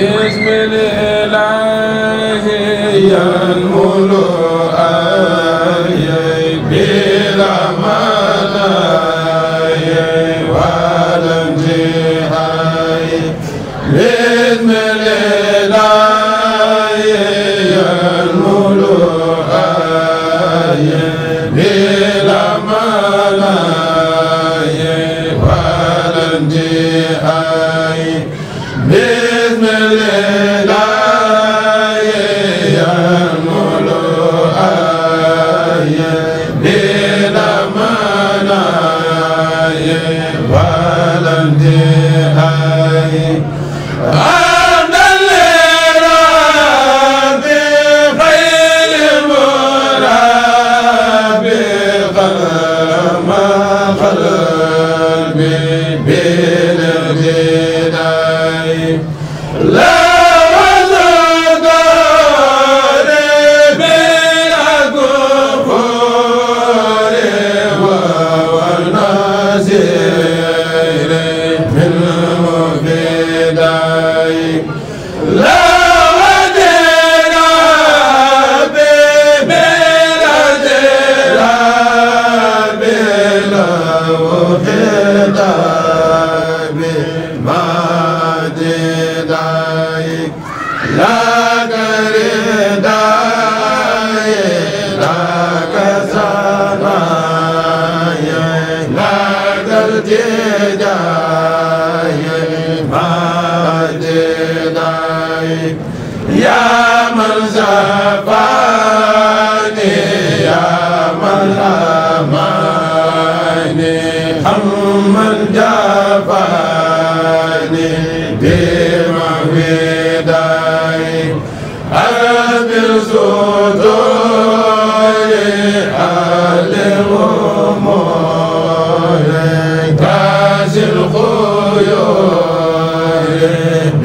بسم الله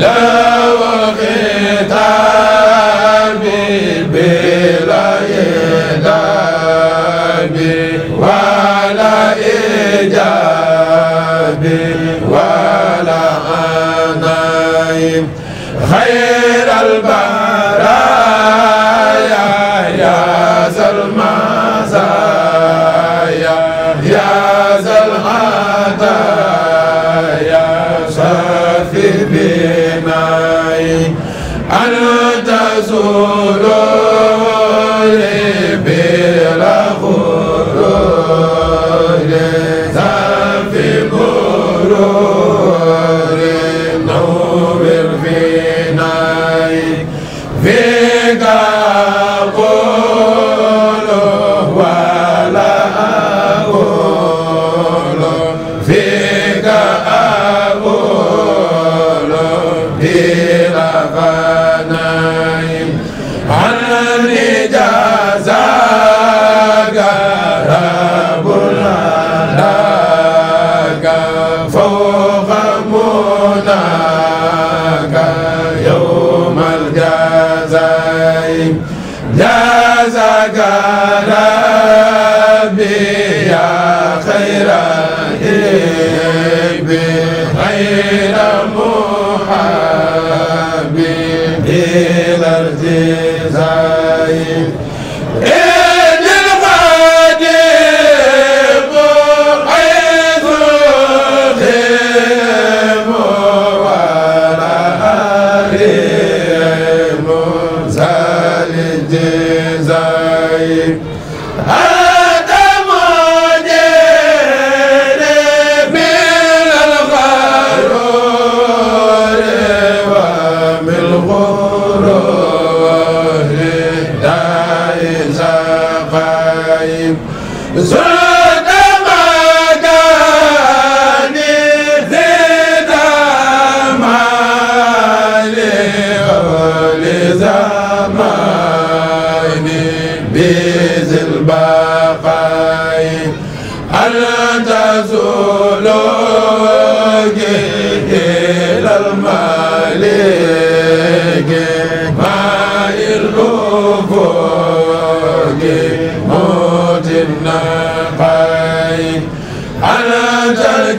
la so الارتزاق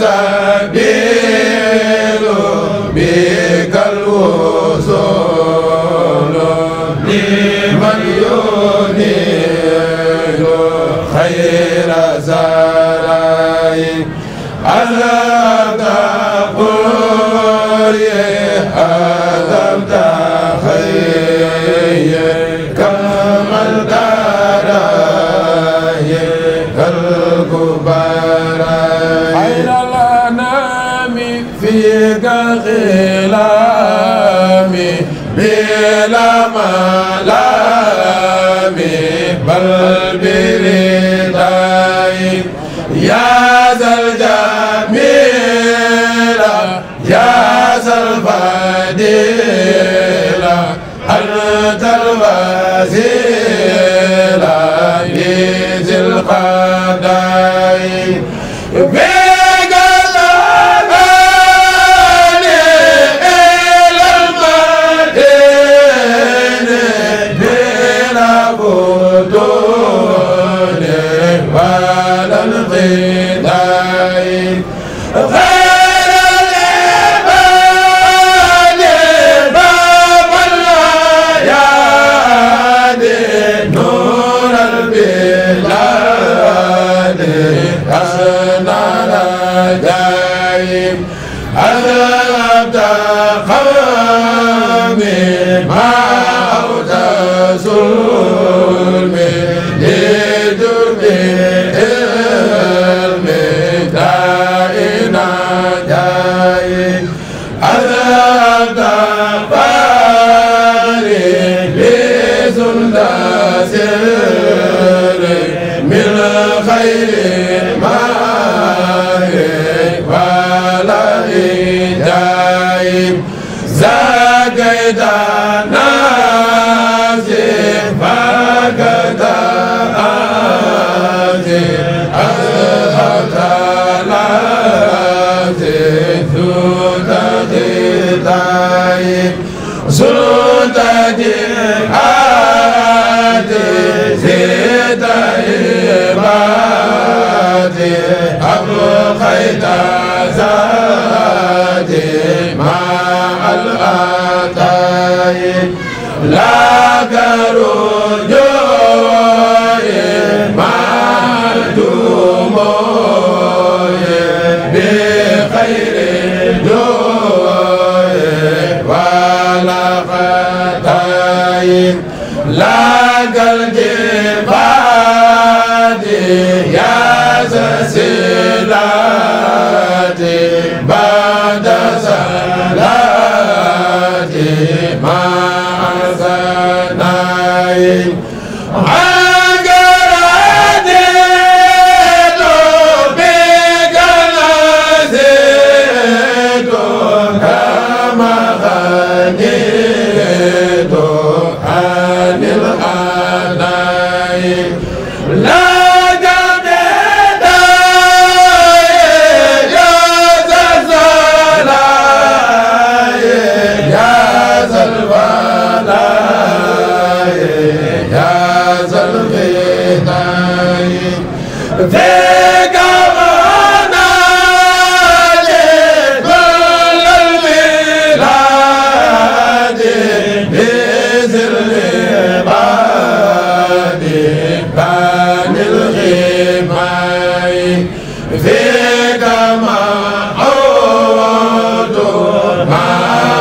za هل أتيت لك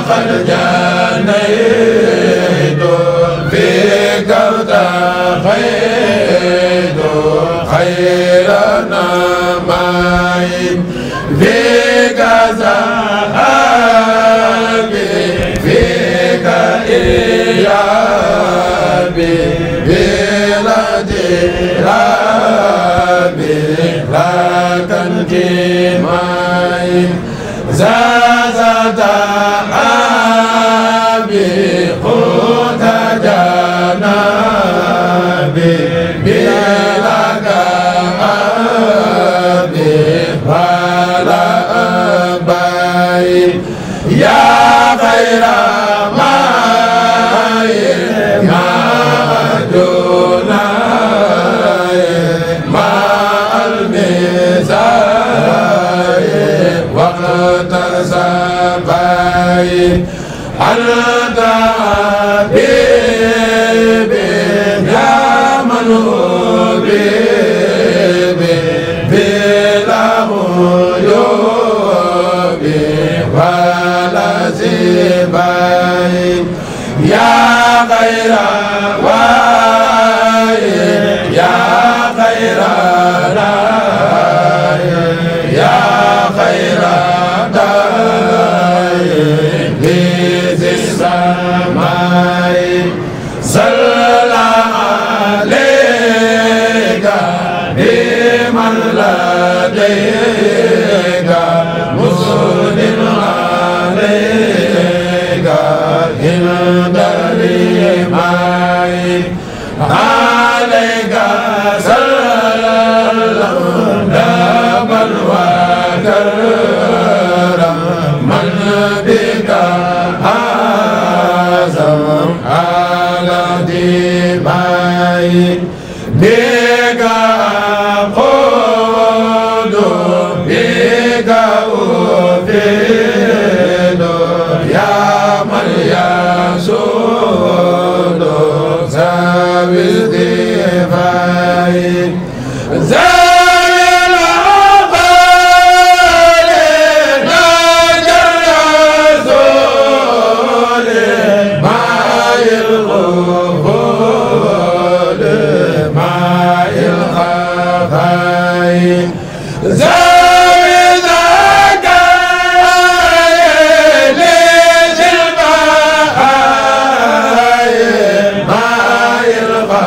xad ja Sera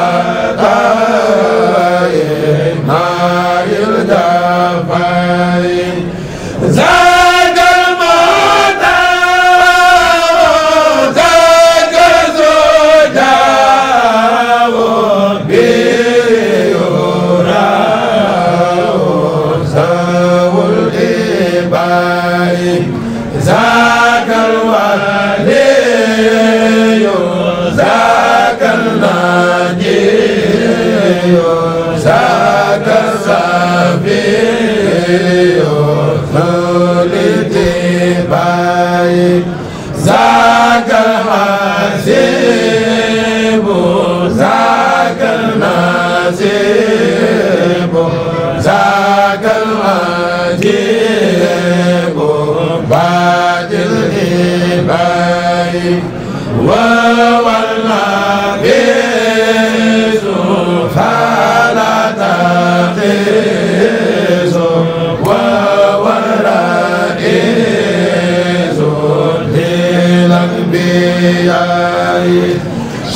da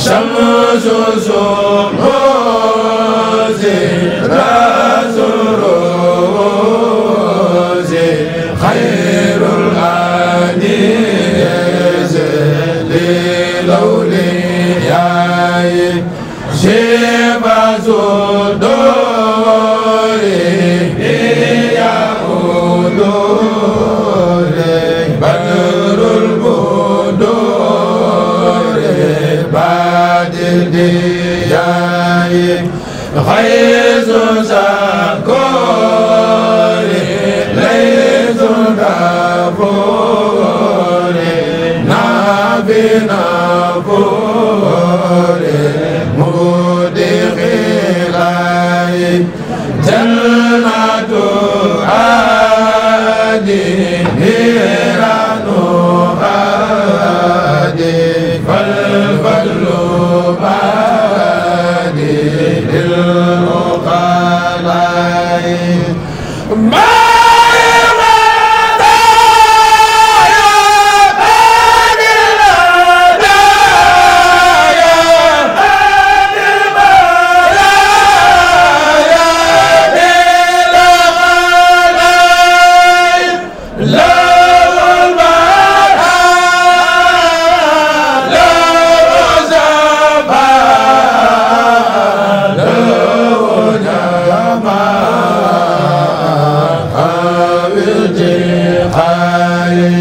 شمس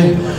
Mbacké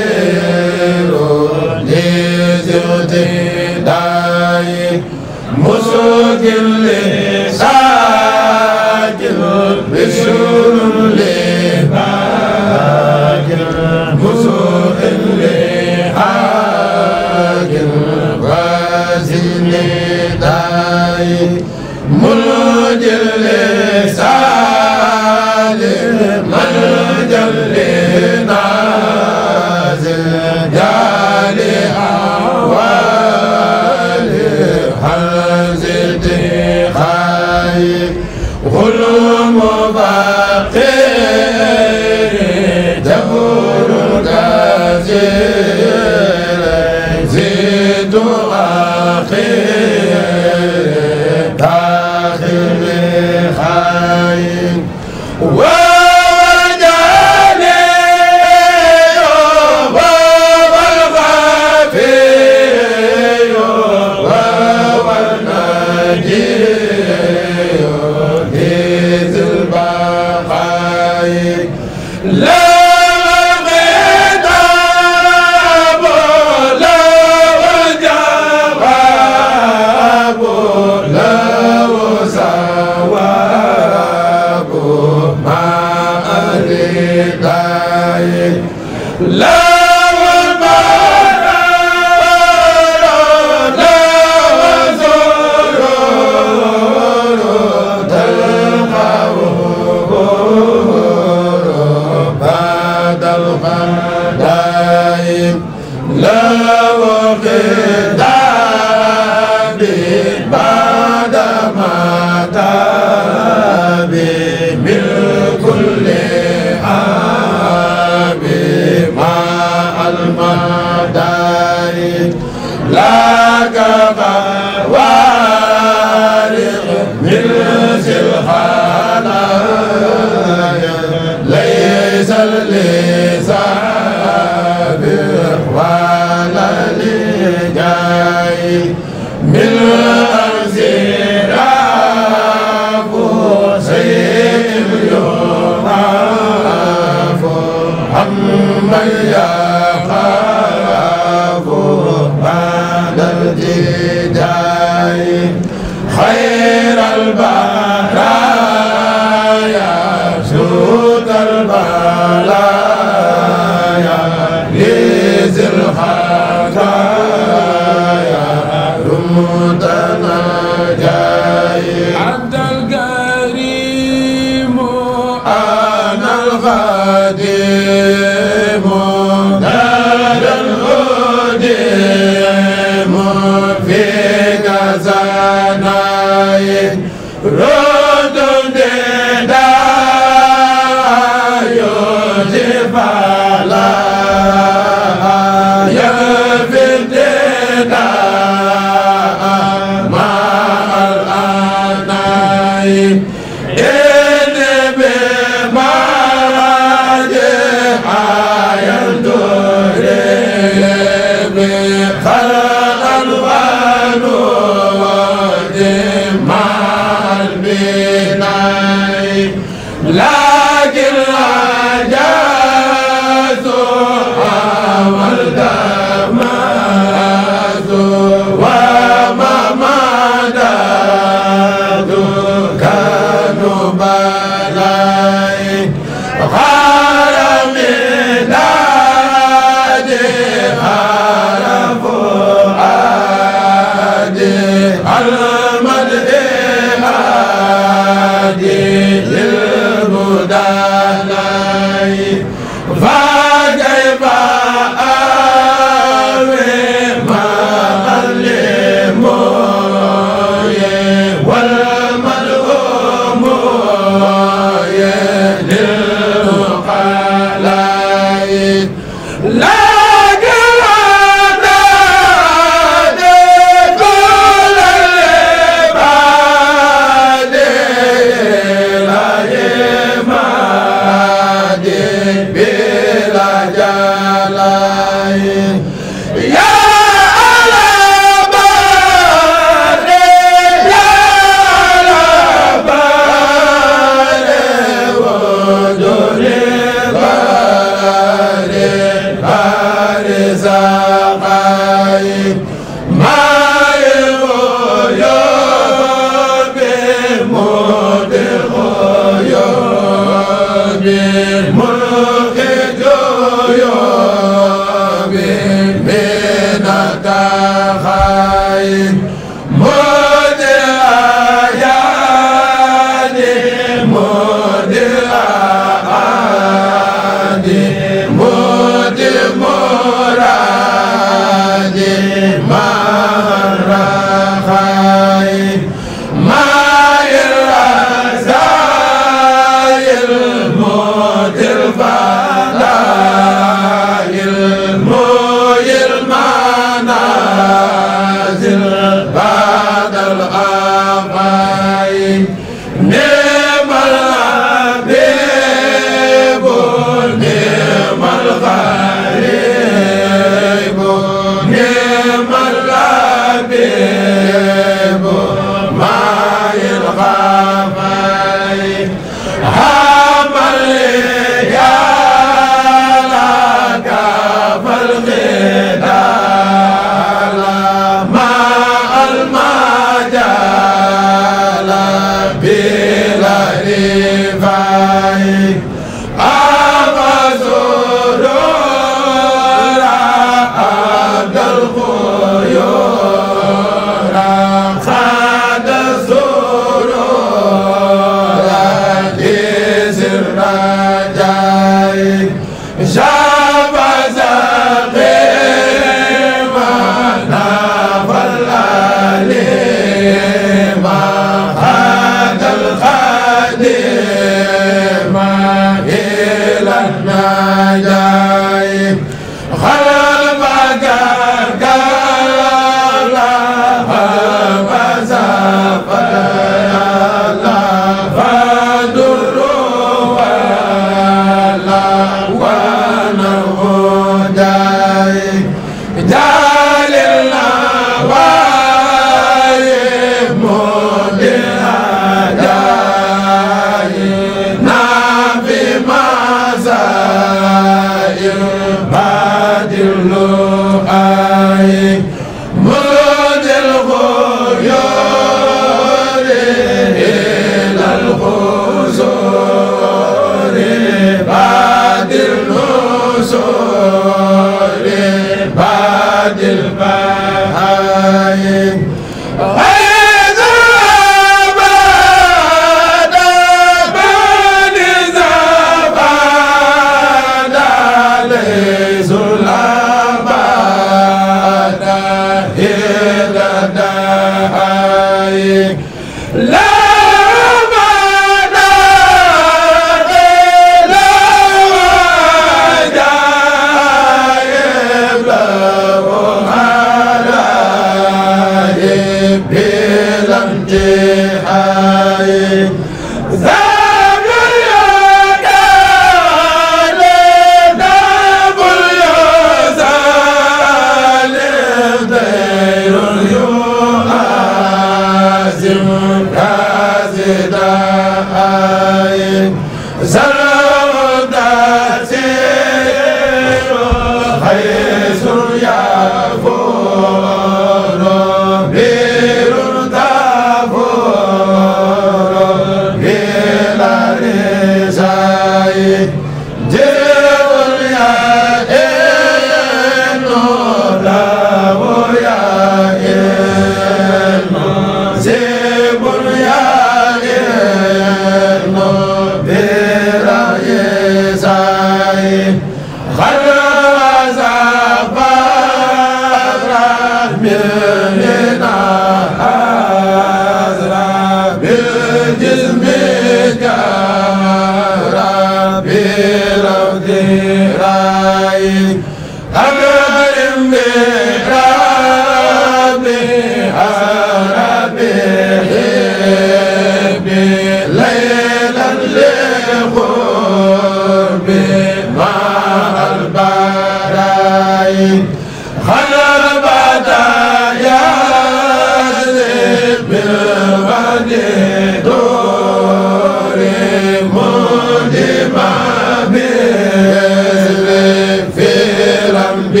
be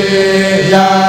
ya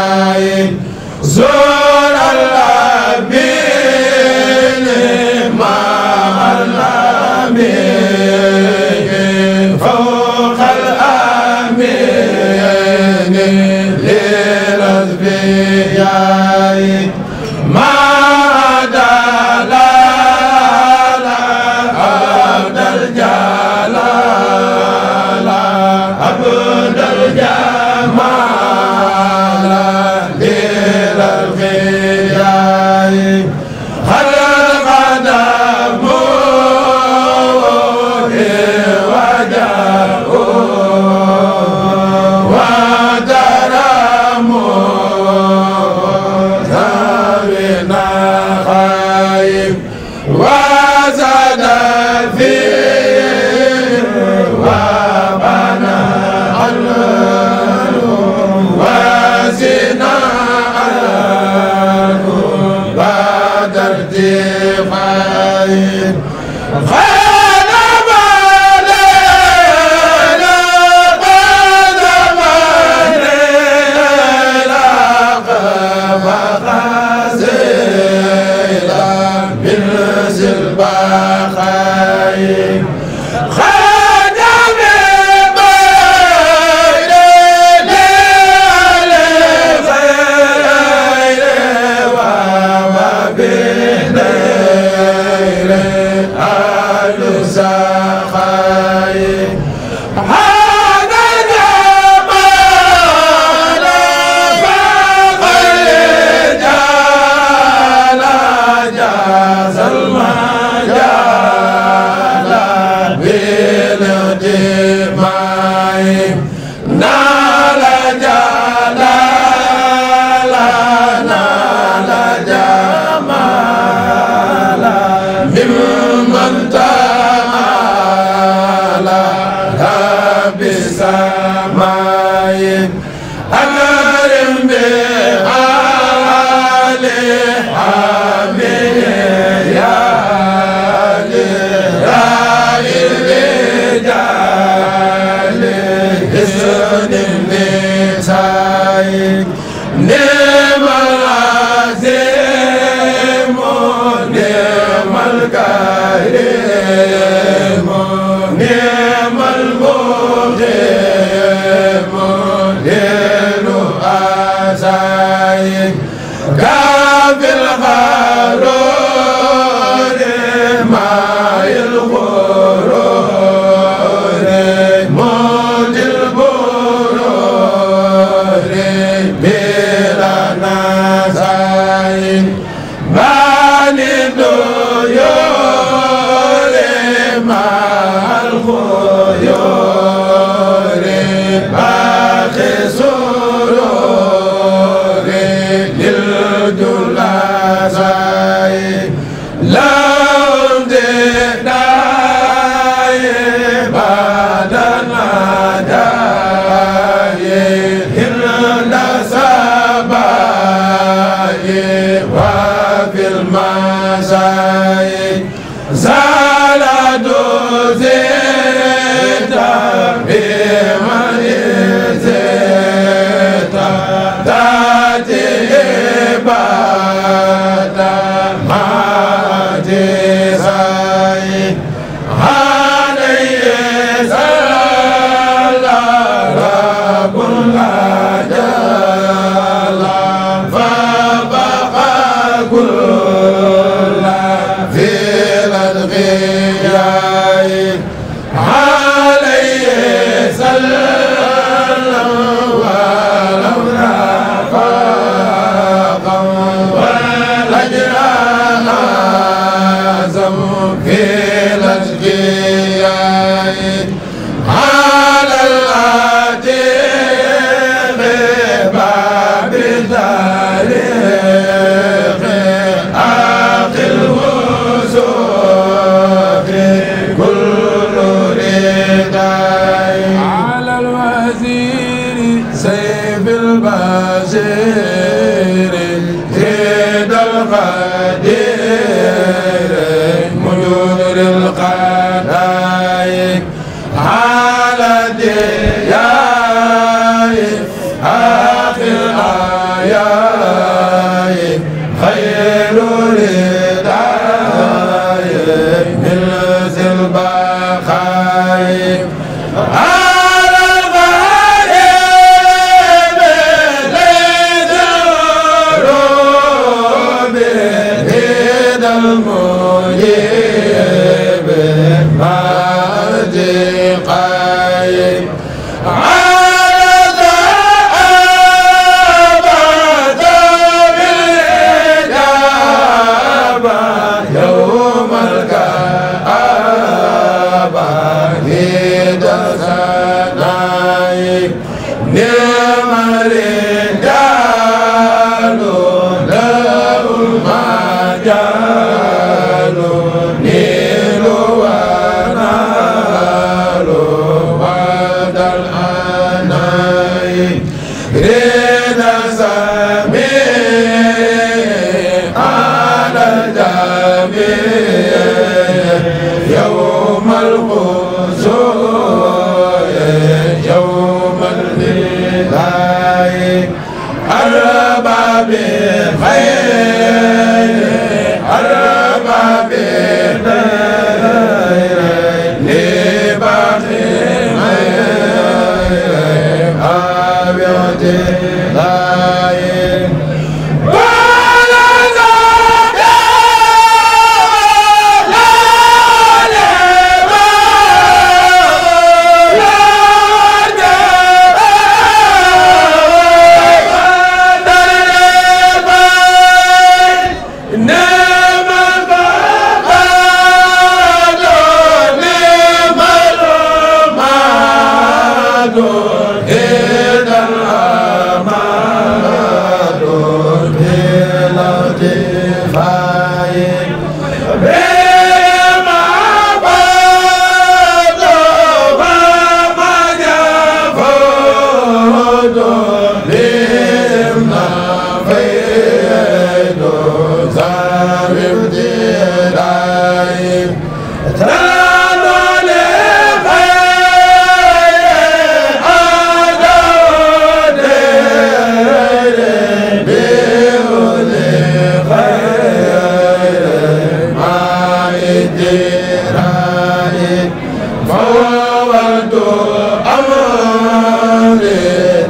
na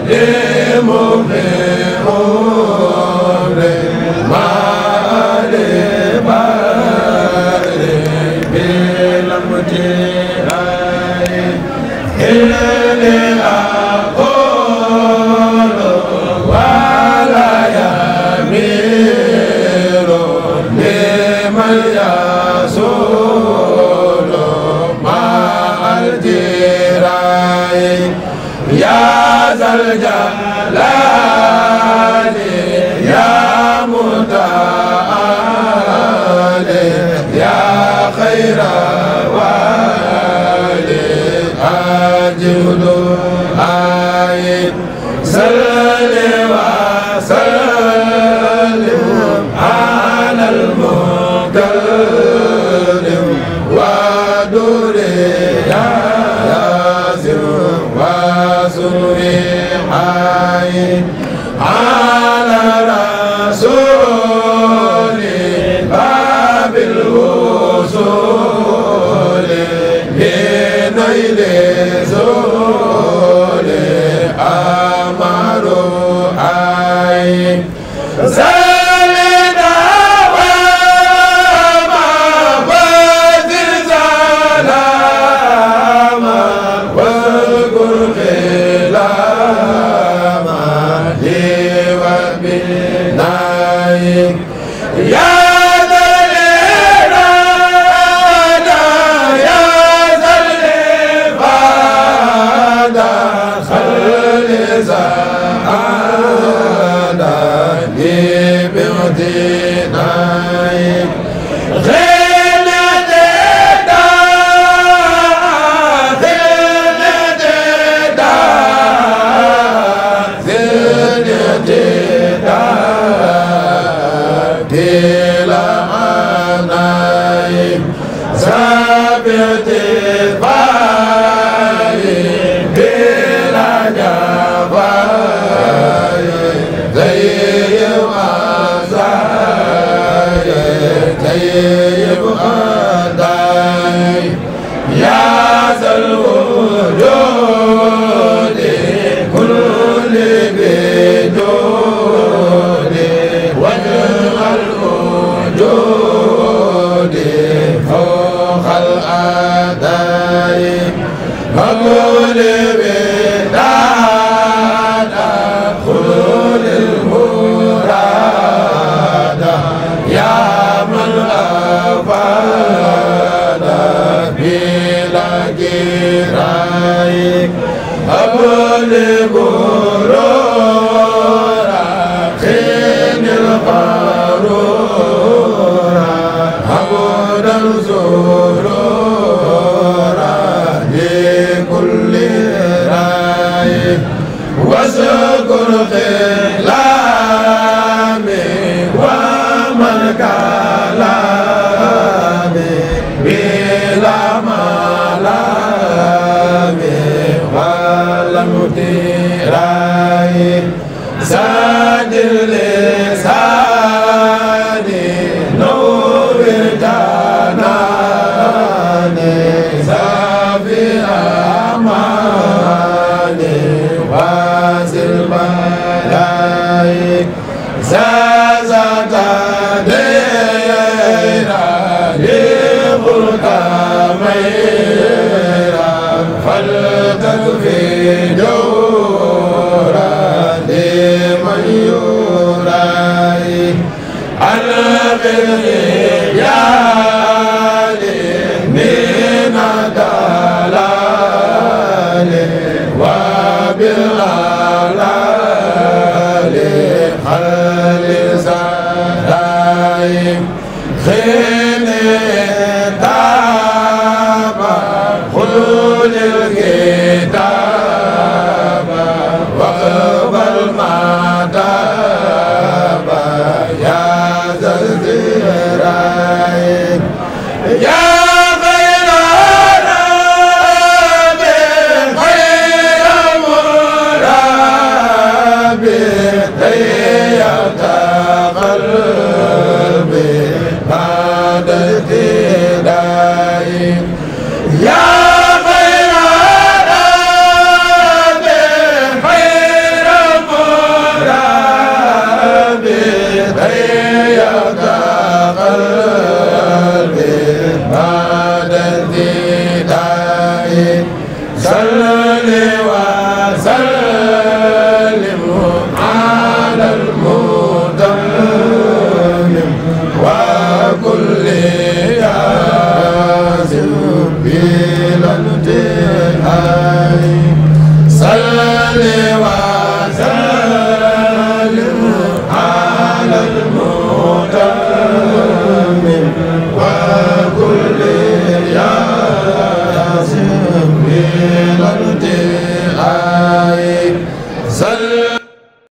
Yeah. Oh غير تاب